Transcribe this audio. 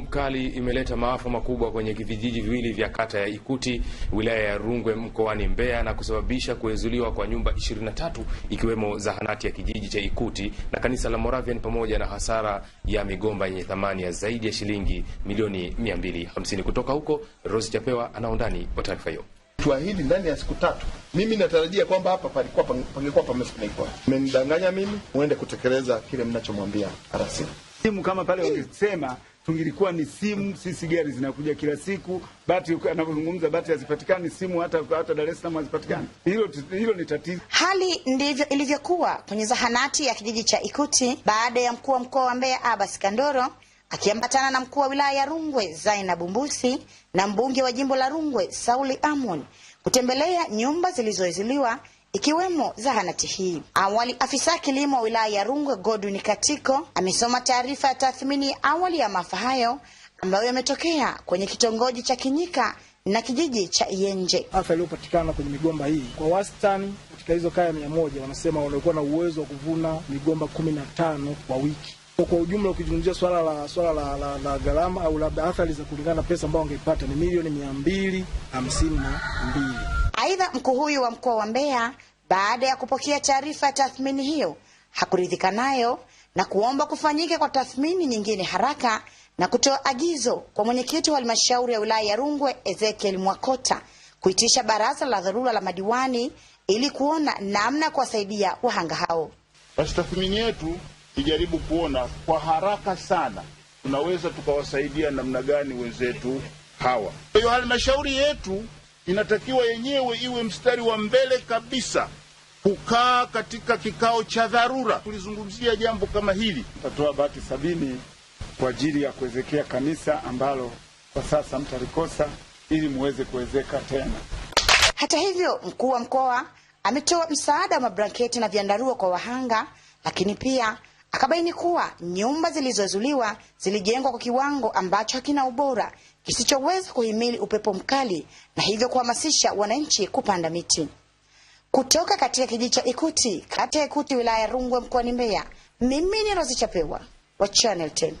mkali imeleta maafa makubwa kwenye vijiji viwili vya kata ya Ikuti wilaya ya Rungwe mkoani Mbeya na kusababisha kuezuliwa kwa nyumba 23 ikiwemo zahanati ya kijiji cha Ikuti na kanisa la Moravian pamoja na hasara ya migomba yenye thamani ya zaidi ya shilingi milioni 250. Kutoka huko Rose Chapewa anaondani wa taarifa hiyo. Tuahidi ndani ya siku tatu, mimi natarajia kwamba hapa palikuwa pangekuwa pamefunikwa. Mmenidanganya mimi, muende kutekeleza kile mnachomwambia arasi. simu kama pale wangesema tungilikuwa ni simu sisi, gari zinakuja kila siku, bati anavyozungumza bati hazipatikani, simu hata hata Dar es Salaam hazipatikani. Hilo hilo ni tatizo. Hali ndivyo ilivyokuwa kwenye zahanati ya kijiji cha Ikuti baada ya mkuu wa mkoa wa Mbeya Abbas Kandoro akiambatana na mkuu wa wilaya ya Rungwe Zainab Mbusi na mbunge wa jimbo la Rungwe Sauli Amon kutembelea nyumba zilizoeziliwa ikiwemo zahanati hii. Awali afisa kilimo wa wilaya ya Rungwe Godwin Katiko amesoma taarifa ya tathmini ya awali ya maafa hayo ambayo yametokea kwenye kitongoji cha Kinyika na kijiji cha Ienje. Afa iliyopatikana kwenye migomba hii kwa wastani katika hizo kaya mia moja wanasema walikuwa na uwezo wa kuvuna migomba kumi na tano kwa wiki. Kwa ujumla ukizungumzia swala la swala la, la, la gharama au labda athari za kulingana na pesa ambayo wangeipata ni milioni mia mbili hamsini na mbili. Aidha, mkuu huyu wa mkoa wa Mbeya baada ya kupokea taarifa ya tathmini hiyo hakuridhika nayo na kuomba kufanyika kwa tathmini nyingine haraka na kutoa agizo kwa mwenyekiti wa halmashauri ya wilaya ya Rungwe Ezekiel Mwakota kuitisha baraza la dharura la madiwani ili kuona namna ya kuwasaidia wahanga hao. Basi tathmini yetu ijaribu kuona kwa haraka sana tunaweza tukawasaidia namna gani wenzetu hawa. Kwa hiyo halmashauri yetu inatakiwa yenyewe iwe mstari wa mbele kabisa kukaa katika kikao cha dharura kulizungumzia jambo kama hili. Tutatoa bati sabini kwa ajili ya kuwezekea kanisa ambalo kwa sasa mtalikosa ili muweze kuwezeka tena. Hata hivyo, mkuu wa mkoa ametoa msaada wa mablanketi na vyandarua kwa wahanga, lakini pia akabaini kuwa nyumba zilizozuliwa zilijengwa kwa kiwango ambacho hakina ubora kisichoweza kuhimili upepo mkali na hivyo kuhamasisha wananchi kupanda miti. Kutoka katika kijiji cha Ikuti, kata ya Ikuti, wilaya ya Rungwe, mkoani Mbeya, mimi ni Rozi Chapewa wa Channel 10.